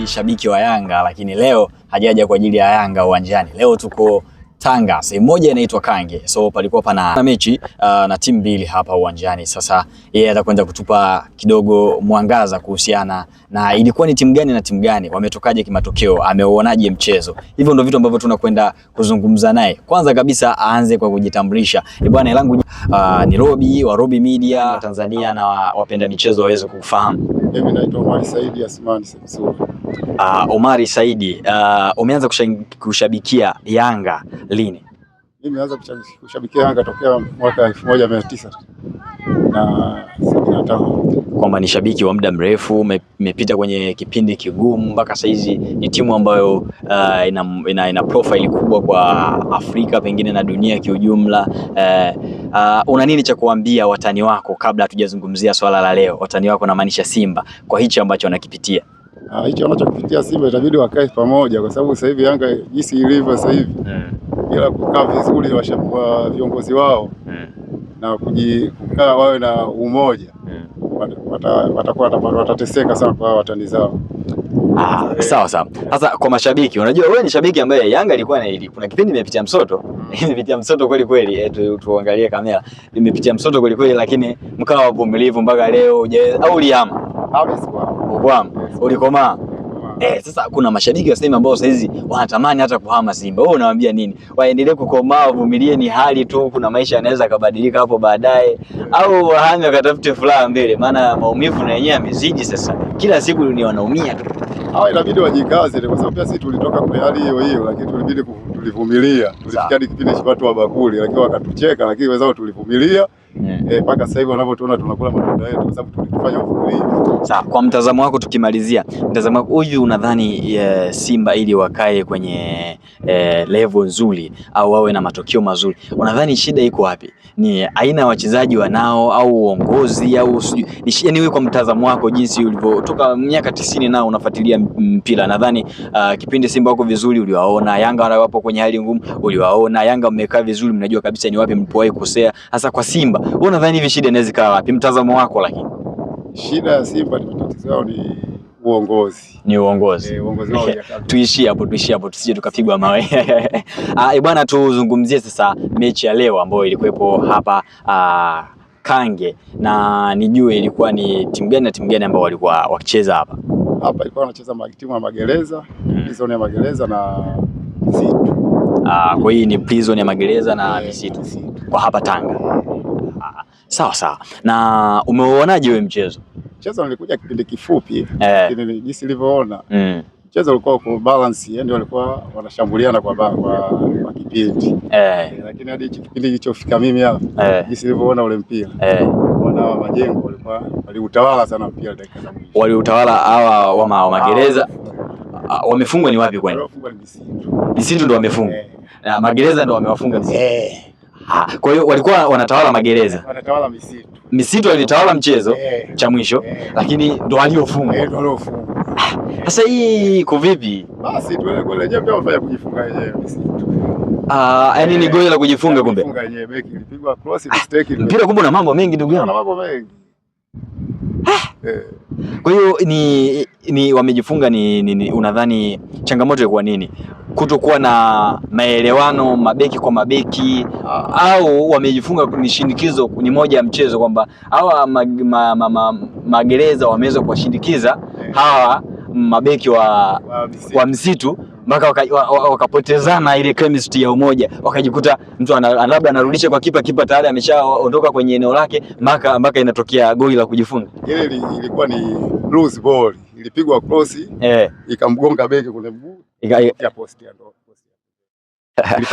si shabiki wa Yanga, lakini leo hajaja kwa ajili ya Yanga uwanjani. Leo tuko Tanga, sehemu moja inaitwa Kange. So palikuwa pana na mechi uh, na timu mbili hapa uwanjani. Sasa yeye yeah, atakwenda kutupa kidogo mwangaza kuhusiana na ilikuwa ni timu gani na timu gani, wametokaje kimatokeo, ameuonaje mchezo. Hivyo ndio vitu ambavyo tunakwenda kuzungumza naye. Kwanza kabisa aanze kwa kujitambulisha. E bwana, langu uh, ni Robi wa Robi Media Tanzania, na wapenda michezo waweze kufahamu. Mimi naitwa Mwalimu Saidi Asmani Samsuri. Uh, Omari Saidi, uh, umeanza kushabikia Yanga lini? Mimi nimeanza kushabikia Yanga tokea mwaka 1900 na sabini na tano, kwamba ni shabiki wa muda mrefu, imepita me, kwenye kipindi kigumu mpaka hizi ni timu ambayo uh, ina, ina, ina profile kubwa kwa Afrika pengine na dunia kiujumla. Uh, uh, una nini cha kuambia watani wako kabla hatujazungumzia swala la leo? Watani wako namaanisha Simba kwa hicho ambacho wanakipitia. Ah, hicho wanachokipitia Simba itabidi wakae pamoja, kwa sababu sasa hivi Yanga jinsi ilivyo sasa hivi eh. bila kukaa vizuri wa viongozi wao eh. na kujikaa wawe na umoja eh. watakuwa watateseka sana kwa watani zao. Ah, sawa sawa. Sasa kwa mashabiki, unajua wewe ni shabiki ambaye Yanga ilikuwa na ili kuna kipindi nimepitia msoto nimepitia mm. msoto kweli kweli, eh, tu, tuangalie kamera nimepitia msoto kweli kweli, lakini mkawa wavumilivu mpaka leo. au liama Ukwam ulikomaa. Eh, sasa kuna mashabiki wa Simba ambao sasa hizi wanatamani hata kuhama Simba. Wewe unawaambia nini? Waendelee kukomaa, wavumilie, ni hali tu, kuna maisha yanaweza kabadilika hapo baadaye, au wahame wakatafute furaha mbele, maana maumivu na yenyewe yamezidi sasa, kila siku ni wanaumia tu. Hawa inabidi wajikaze, kwa sababu sisi tulitoka kwa hali hiyo hiyo, lakini tulibidi tulivumilia, tulifikia kipindi cha watu wa bakuli, lakini wakatucheka, lakini wenzao tulivumilia yeah. Eh, paka sasa hivi wanavyotuona tunakula matunda yetu, kwa sababu tulifanya ufunulivu. Sawa, kwa mtazamo wako tukimalizia, mtazamo wako huyu, unadhani e, Simba ili wakae kwenye e, level nzuri au wawe na matokeo mazuri, unadhani shida iko wapi? Ni aina ya wachezaji wanao au uongozi au ni shida ni wewe, kwa mtazamo wako jinsi ulivyotoka miaka tisini nao unafuatilia mpira, nadhani uh, kipindi Simba wako vizuri uliwaona, Yanga wapo kwenye hali ngumu uliwaona, Yanga mmekaa vizuri, mnajua kabisa ni wapi mlipowahi kukosea, hasa kwa Simba wewe unadhani hivi shida inaweza kawa wapi? Mtazamo wako lakini. Shida ya Simba ni matatizo yao ni uongozi. Ni uongozi. Eh, uongozi wao hujakata. tuishie hapo, tuishie hapo tusije tukapigwa mawe. Ah, eh, bwana tuzungumzie sasa mechi ya leo ambayo ilikuwepo hapa a, ah, Kange na nijue ilikuwa ni timu gani na timu gani ambao walikuwa wakicheza hapa? Hapa ilikuwa wanacheza timu ya Magereza, mm. Prison ya Magereza na Misitu. Ah, kwa hii ni Prison ya Magereza na eh, Misitu. Kwa hapa Tanga. Eh. Sawa sawa. Na umeuonaje wewe mchezo? Mchezo nilikuja kipindi kifupi eh. lakini eh, jinsi nilivyoona mm. Mchezo ulikuwa uko balance, yani walikuwa wanashambuliana kwa ba, kwa, kwa kipindi eh, lakini hadi hicho kipindi kilichofika mimi hapa eh, jinsi nilivyoona ule mpira eh, wana wa majengo walikuwa waliutawala sana mpira dakika za mwisho, waliutawala hawa wa magereza ah, ah, wamefungwa ni wapi kwani? Wamefungwa ni Bisindu. Bisindu ndo wamefungwa. Eh. Na magereza ndo wamewafunga Bisindu. Eh. Ah, kwa hiyo walikuwa wanatawala magereza, wanatawala misitu. Misitu walitawala mchezo eh, cha mwisho eh, lakini ndo waliofungwa eh, ndo waliofungwa. Sasa hii iko vipi? Basi tuende kwa lenyewe pia wafanya kujifunga wenyewe misitu. Ah, yani ni eh, goli la kujifunga kumbe. Kujifunga yenyewe beki ilipigwa cross ah, mistake Mpira kumbe na mambo mengi ndugu yangu. Na mambo mengi. Eh. Kwa hiyo ni, ni wamejifunga ni, ni, ni unadhani changamoto ilikuwa nini? kutokuwa na maelewano mabeki kwa mabeki ah. au wamejifunga ni shinikizo, ni moja ya mchezo kwamba hawa mag, ma, ma, ma, magereza wameweza kuwashindikiza eh. hawa mabeki wa, wa, msitu mpaka wakapotezana ile chemistry ya umoja, wakajikuta mtu labda anarudisha kwa kipa, kipa tayari ameshaondoka kwenye eneo lake, mpaka mpaka inatokea goli la kujifunga. Ile ilikuwa ni loose ball, ilipigwa cross eh, ikamgonga beki kule mguu Eh,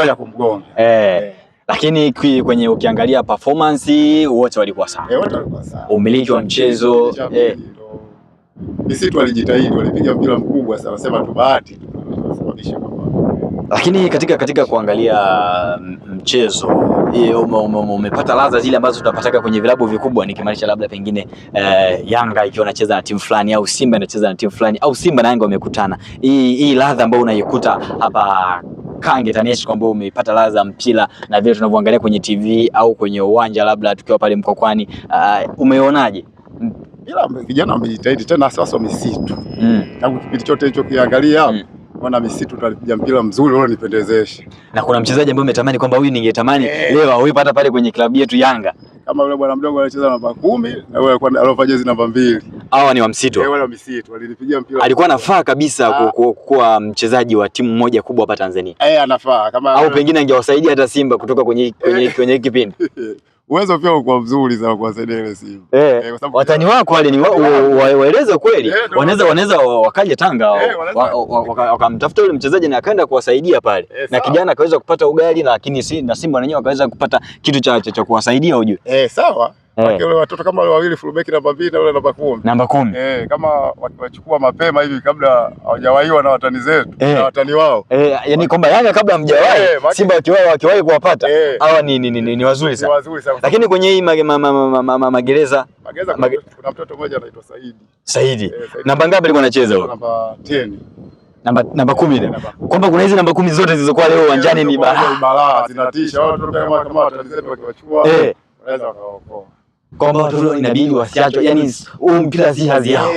eh, lakini kwenye ukiangalia performance wote walikuwa sawa eh, umiliki wa mchezo eh. Misitu walijitahidi, walipiga mpira mkubwa sana, sema tu bahati tu, lakini katika katika kuangalia mm, mchezo umepata ladha zile ambazo tunapataka kwenye vilabu vikubwa, nikimaanisha labda pengine uh, Yanga ikiwa anacheza na timu fulani au Simba inacheza na timu fulani au Simba na Yanga wamekutana, hii hii ladha ambayo unaikuta hapa Kange Tanesco ambao umeipata ladha za mpira na vile tunavyoangalia kwenye TV au kwenye uwanja labda tukiwa pale Mkokwani, uh, umeonaje? Ila vijana wamejitahidi tena, sasa wamesitu mm. tangu kipindi chote hicho kiangalia mm maana misitu tunapiga mpira mzuri ule nipendezeshe. Na kuna mchezaji ambaye umetamani kwamba huyu ningetamani hey, eh. leo awepo hata pale kwenye klabu yetu Yanga kama yule bwana mdogo alicheza namba kumi na yule alikuwa alofa jezi namba mbili. Hawa ni wa msitu. Eh, wa msitu walinipigia mpira. Alikuwa anafaa kabisa ah. kuwa mchezaji wa timu moja kubwa hapa Tanzania. Eh, anafaa kama au pengine angewasaidia hata Simba kutoka kwenye kwenye kwenye kipindi uwezo pia ulikuwa mzuri sana kwa ile Simba. Eh, eh, watani wako wale ni waeleze kweli, eh, wanaweza wanaweza wakaja Tanga eh, wakamtafuta yule mchezaji na akaenda kuwasaidia pale, eh, na kijana akaweza kupata ugali, lakini si na Simba wenyewe wakaweza kupata kitu cha cha kuwasaidia ujue. Eh, sawa. Wale eh. watoto kama wale wawili fullback namba 2 na yule namba 10. Namba 10. Eh, kama wakiwachukua mapema hivi kabla hawajawaiwa na watani zetu eh. na watani wao. Eh, yani kwamba Yanga kabla hamjawahi eh, Simba wakiwahi wakiwahi kuwapata hawa ni ni ni, ni wazuri sana. Wazuri sana. Lakini kwenye hii magereza ma, ma, ma, ma, ma, kuna mtoto mmoja anaitwa Saidi. Saidi. Namba ngapi alikuwa anacheza huko? Namba 10. Namba namba 10 ile. Kwamba kuna hizi namba 10 zote zilizokuwa leo uwanjani ni balaa. Zinatisha watu kama watani zetu wakiwachukua. Eh. Wanaweza wakaokoa kwamba watoto inabidi wasiachwe, yani huu mpira si hazi yao.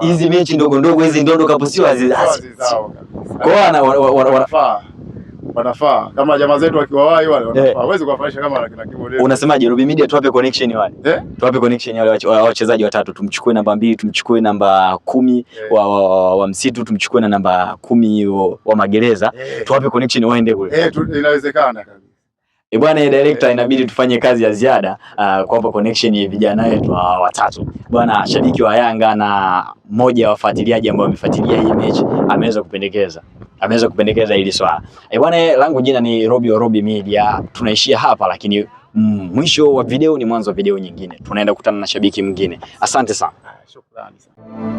Hizi mechi ndogo ndogo hizi ndondo kapo sio hazi zao, kwao, wanafaa wanafaa kama jamaa zetu wakiwawahi wale wanafaa, huwezi eh. kuwafanisha kama lakini kina Unasemaje, Robi Media tuwape connection wale, eh? tuwape connection wale wachezaji watatu, tumchukue namba mbili, tumchukue namba kumi eh. wa, wa, wa, wa msitu, tumchukue na namba kumi wa, wa magereza, tuwape connection waende kule. Eh, inawezekana E bwana, eh, director inabidi tufanye kazi ya ziada uh, ah, kwamba connection ya vijana wetu uh, watatu bwana, shabiki wa Yanga na mmoja wa wafuatiliaji ambao wamefuatilia hii mechi ameweza kupendekeza ameweza kupendekeza hili swala. E bwana, langu jina ni Robi wa Robi Media, tunaishia hapa lakini mm, mwisho wa video ni mwanzo wa video nyingine, tunaenda kukutana na shabiki mwingine. Asante sana, ah, shukrani sana.